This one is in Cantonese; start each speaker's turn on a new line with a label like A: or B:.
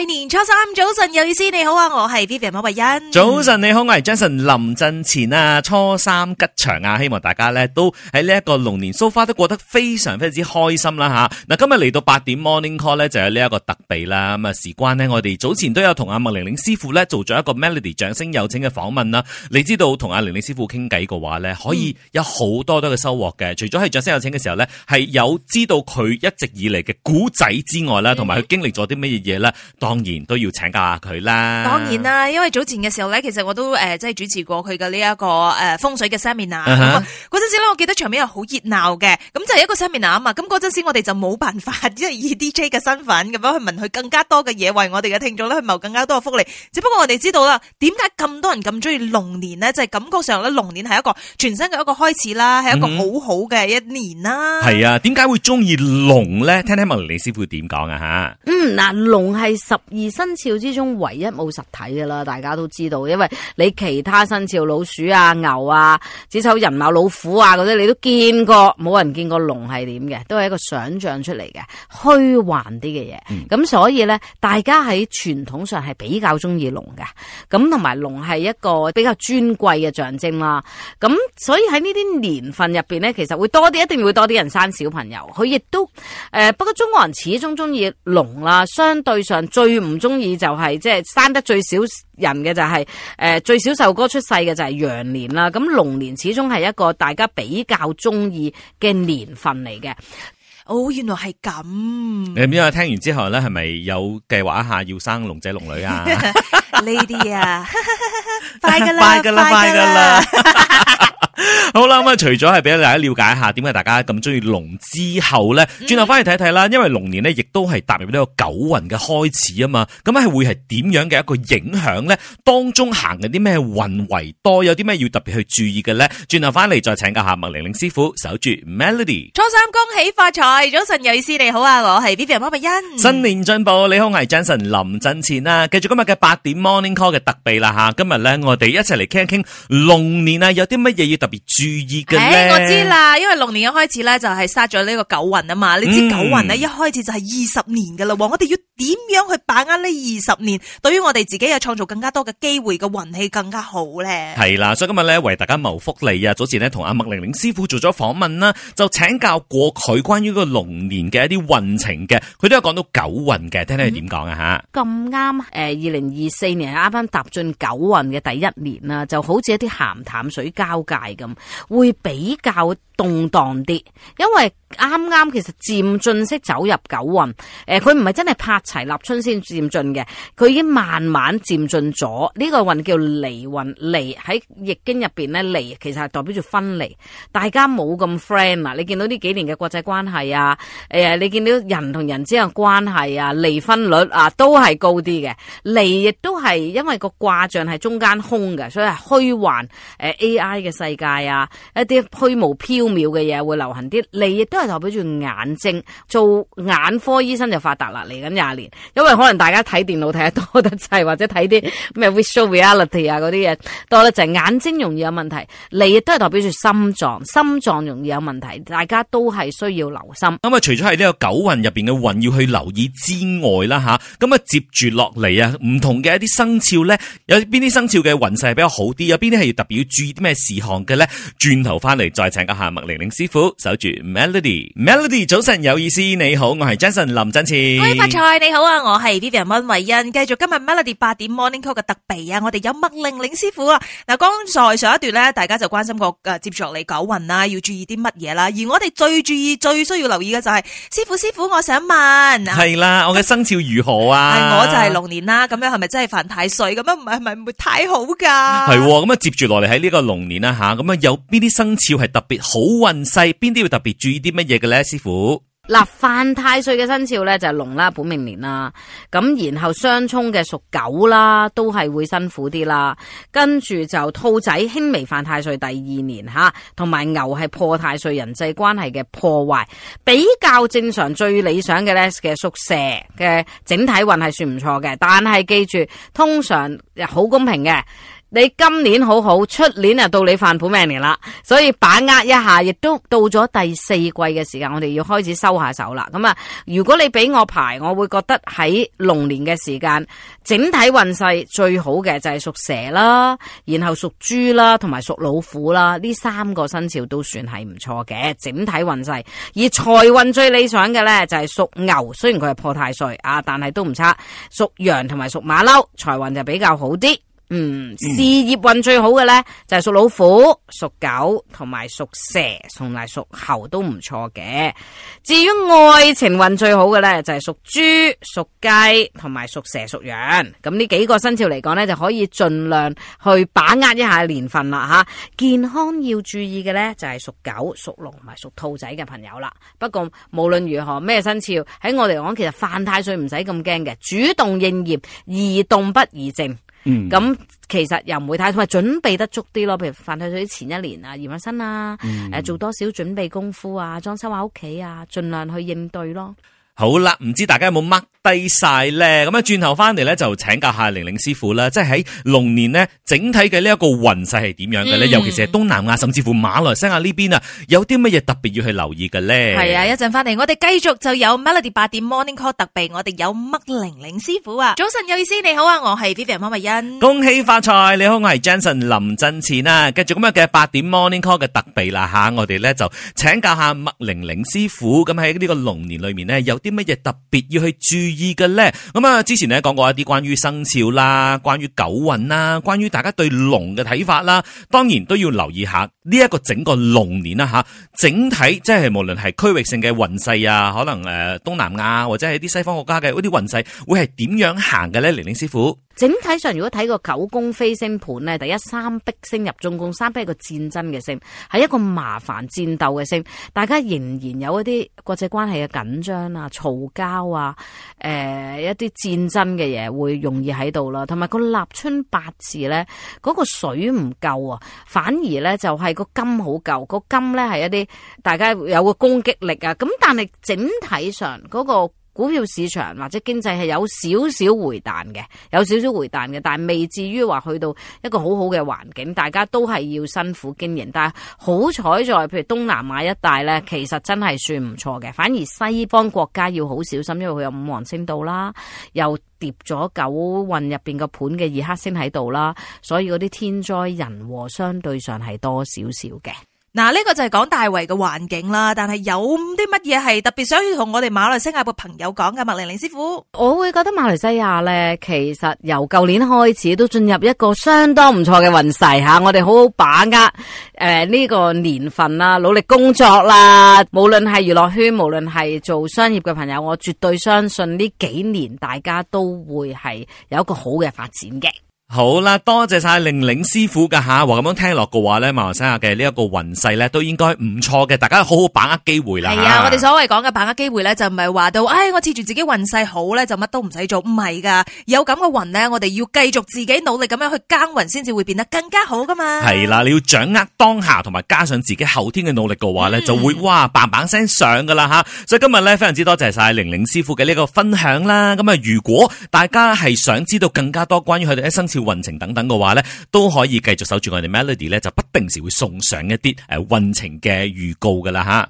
A: 大年初三，早晨有意思，你好啊，我係 Vivian 馬慧欣。早晨
B: 你好啊，Jackson 林振前啊，初三吉祥啊，希望大家咧都喺呢一個龍年 so far 都過得非常非常之開心啦、啊、吓。嗱、啊，今日嚟到八點 Morning Call 咧就有呢一個特備啦。咁啊，事關呢，我哋早前都有同阿麥玲玲師傅咧做咗一個 Melody 掌聲有請嘅訪問啦、啊。你知道同阿玲玲師傅傾偈嘅話咧，可以有好多好多嘅收穫嘅。除咗係掌聲有請嘅時候咧，係有知道佢一直以嚟嘅古仔之外啦，同埋佢經歷咗啲乜嘢嘢咧。當然都要請教下佢啦。當然啦、
A: 啊，因為早前嘅時候咧，其實我都誒即係主持過佢嘅呢一個誒、呃、風水嘅 seminar、uh。嗰、huh. 陣時咧，我記得場面係好熱鬧嘅。咁就係一個 seminar 啊嘛。咁嗰陣時我哋就冇辦法，即係以 DJ 嘅身份咁樣去問佢更加多嘅嘢，為我哋嘅聽眾咧去謀更加多嘅福利。只不過我哋知道啦，點解咁多人咁中意龍年呢？就係、是、感覺上咧，龍年係一個全新嘅一個開始啦，係一個好好嘅一年啦。係
B: 啊，點解、mm hmm. 啊、會中意龍咧？Mm hmm. 聽聽麥玲玲師傅點講啊吓？
C: 嗯，嗱，龍係而生肖之中唯一冇實體嘅啦，大家都知道，因為你其他生肖老鼠啊、牛啊、子丑寅卯、老虎啊嗰啲，你都見過，冇人見過龍係點嘅，都係一個想象出嚟嘅虛幻啲嘅嘢。咁、嗯、所以咧，大家喺傳統上係比較中意龍嘅。咁同埋龍係一個比較尊貴嘅象徵啦。咁所以喺呢啲年份入邊咧，其實會多啲，一定會多啲人生小朋友。佢亦都誒，不、呃、過中國人始終中意龍啦，相對上最。最唔中意就係即係生得最少人嘅就係、是、誒最少首歌出世嘅就係羊年啦，咁龍年始終係一個大家比較中意嘅年份嚟嘅。哦，原來係咁。
A: 你
B: 邊個聽完之後咧，係咪有計劃一下要生龍仔龍女啊？
A: 呢啲啊，快噶啦，快噶啦，快噶啦。
B: 好啦，咁、嗯、啊， 除咗係俾大家了解下點解大家咁中意龍之後咧，轉頭翻嚟睇睇啦。因為龍年咧，亦都係踏入呢個九運嘅開始啊嘛。咁係會係點樣嘅一個影響咧？當中行緊啲咩運為多，有啲咩要特別去注意嘅咧？轉頭翻嚟再請教下麥玲玲師傅，守住 Melody。
A: 初三恭喜發財，早晨女士，你好啊，我係 Vivian Bobyn。
B: 新年進步，你好，我係 Jason 林振前啊。繼續今日嘅八點 Morning Call 嘅特備啦、啊、吓，今日咧我哋一齊嚟傾一傾龍年啊，有啲乜嘢？要特別注意嘅，誒、哎，我知啦，
A: 因為龍年一開始咧就係殺咗呢個九運啊嘛，你知九運咧一開始就係二十年噶啦，嗯、我哋要點樣去把握呢二十年？對於我哋自己有創造更加多嘅機會嘅運氣更加好咧？
B: 係啦，所以今日咧為大家謀福利啊！早前呢，同阿麥玲玲師傅做咗訪問啦，就請教過佢關於個龍年嘅一啲運程嘅，佢都有講到九運嘅，聽聽佢點講啊吓？
C: 咁啱誒，二零二四年啱啱踏進九運嘅第一年啦，就好似一啲鹹淡水交界咁，會比較動盪啲，因為，啱啱其實漸進式走入九運，誒、呃，佢唔係真係拍齊立春先漸進嘅，佢已經慢慢漸進咗。這個、呢個運叫離運，離喺易經入邊咧，離其實係代表住分離，大家冇咁 friend 啊。你見到呢幾年嘅國際關係啊，誒、呃，你見到人同人之間嘅關係啊，離婚率啊都係高啲嘅。離亦都係因為個卦象係中間空嘅，所以係虛幻，誒、呃，AI 嘅世界啊，一啲虛無縹緲嘅嘢會流行啲。離亦都。都係代表住眼睛，做眼科醫生就發達啦，嚟緊廿年。因為可能大家睇電腦睇得多得滯，或者睇啲咩 virtual reality 啊嗰啲嘢多咧，就眼睛容易有問題。你亦都係代表住心臟，心臟容易有問題，大家都係需
B: 要留心。咁啊、嗯，除咗喺呢個九運入邊嘅運要去留意之外啦，吓咁啊，接住落嚟啊，唔同嘅一啲生肖咧，有邊啲生肖嘅運勢係比較好啲？有邊啲係特別要注意啲咩事項嘅咧？轉頭翻嚟再請一下麥玲玲師傅守住 melody Melody 早晨有意思，你好，我係 Jason 林振前。各位發財
A: 你好啊，我係 Vivian 溫偉欣。繼續今日 Melody 八點 Morning Call 嘅特備啊，我哋有麥玲玲師傅啊。嗱，剛才上一段咧，大家就關心過誒，接住落嚟，九運啊，要注意啲乜嘢啦？而我哋最注意、最需要留意嘅就係，師傅師傅，我想問，係
B: 啦，我嘅生肖如何啊？我就係龍
A: 年啦，咁樣係咪真係犯太歲？咁樣唔係，係咪唔會太好噶？
B: 係咁啊，接住落嚟喺呢個龍年啦吓，咁啊有邊啲生肖係特別好運勢？邊啲要特別注意啲？乜嘢嘅咧，師傅？
C: 嗱，犯太歲嘅生肖咧就係龍啦，本命年啦，咁然後相沖嘅屬狗啦，都係會辛苦啲啦。跟住就兔仔輕微犯太歲，第二年吓，同埋牛係破太歲，人際關係嘅破壞，比較正常。最理想嘅咧嘅屬蛇嘅整體運係算唔錯嘅，但係記住通常好公平嘅。你今年好好，出年啊到你犯本命年啦，所以把握一下，亦都到咗第四季嘅時間，我哋要開始收下手啦。咁啊，如果你俾我排，我會覺得喺龍年嘅時間，整體運勢最好嘅就係屬蛇啦，然後屬豬啦，同埋屬老虎啦，呢三個生肖都算係唔錯嘅整體運勢。而財運最理想嘅咧就係屬牛，雖然佢係破太歲啊，但係都唔差。屬羊同埋屬馬騮，財運就比較好啲。嗯，事業運最好嘅呢，就係屬老虎、屬狗同埋屬蛇，同埋屬猴都唔錯嘅。至於愛情運最好嘅呢，就係屬豬、屬雞同埋屬蛇、屬羊。咁呢幾個生肖嚟講呢，就可以盡量去把握一下年份啦吓。健康要注意嘅呢，就係屬狗、屬龍同埋屬兔仔嘅朋友啦。不過無論如何咩生肖喺我嚟講，其實犯太歲唔使咁驚嘅，主動應驗，宜動不宜靜。咁、嗯、其實又唔會太，準備得足啲咯。譬如犯太歲前一年啊，驗下身啊，誒、嗯、做多少準備功夫啊，裝修下屋企啊，盡量去應對咯。
B: 好啦，唔知大家有冇乜？低曬咧，咁啊轉頭翻嚟咧就請教下玲玲師傅啦，即係喺龍年咧整體嘅呢一個運勢係點樣嘅咧？尤其是係東南亞甚至乎馬來西亞呢邊啊，有啲乜嘢特別要去留意嘅咧？係啊，
A: 一陣翻嚟，我哋繼續就有 Melody 八點 Morning Call 特備，我哋有麥玲玲師傅啊，早晨有意思，你好啊，我係 Vivian 麥慧欣，
B: 恭喜發財，你好，我係 Jensen 林振前啊，繼續咁樣嘅八點 Morning Call 嘅特備啦嚇，我哋咧就請教下麥玲玲師傅，咁喺呢個龍年裏面咧有啲乜嘢特別要去注意嘅咧，咁啊，之前咧講過一啲關於生肖啦，關於九運啦，關於大家對龍嘅睇法啦，當然都要留意下呢一個整個龍年啦吓，整體即係無論係區域性嘅運勢啊，可能誒東南亞或者係啲西方國家嘅嗰啲運勢會係點樣行嘅咧？玲玲師傅。
C: 整體上，如果睇個九宮飛星盤咧，第一三壁星入中宮，三壁係個戰爭嘅星，係一個麻煩戰鬥嘅星，大家仍然有一啲國際關係嘅緊張啊、嘈交啊、誒、呃、一啲戰爭嘅嘢會容易喺度啦。同埋個立春八字咧，嗰、嗰個水唔夠啊，反而咧就係個金好夠，嗰個金咧係一啲大家有個攻擊力啊。咁但係整體上嗰、嗰個。股票市場或者經濟係有少少回彈嘅，有少少回彈嘅，但未至於話去到一個好好嘅環境，大家都係要辛苦經營。但好彩在譬如東南亞一帶呢，其實真係算唔錯嘅，反而西方國家要好小心，因為佢有五黃星到啦，又疊咗九運入面個盤嘅二黑星喺度啦，所以嗰啲天災人禍相對上係多少少嘅。
A: 嗱，呢個就係講大圍嘅環境啦，但係有啲乜嘢係特別想要同我哋馬來西亞嘅朋友講嘅，麥玲玲師傅，
C: 我會覺得馬來西亞呢，其實由舊年開始都進入一個相當唔錯嘅運勢吓，我哋好好把握誒呢個年份啦，努力工作啦，無論係娛樂圈，無論係做商業嘅朋友，我絕對相信呢幾年大家都會係有一個好嘅發展嘅。
B: 好啦，多謝晒玲玲師傅噶吓，話、啊、咁樣聽落嘅話咧，馬來西亞嘅呢一個運勢咧都應該唔錯嘅，大家好好把握機會啦。係啊，啊我哋
A: 所謂講嘅把握機會咧，就唔係話到，唉、哎，我恃住自己運勢好咧，就乜都唔使做，唔係噶，有咁嘅運咧，我哋要繼續自己努力咁樣去耕耘，先至會變得更加好噶嘛。
B: 係啦、啊，你要掌握當下，同埋加上自己後天嘅努力嘅話咧，就會、嗯、哇，棒棒聲上噶啦吓。所以今日咧，非常之多謝晒玲玲師傅嘅呢個分享啦。咁啊，如果大家係想知道更加多關於佢哋一生運程等等嘅話咧，都可以繼續守住我哋 Melody 咧，就不定時會送上一啲誒運程嘅預告噶啦吓。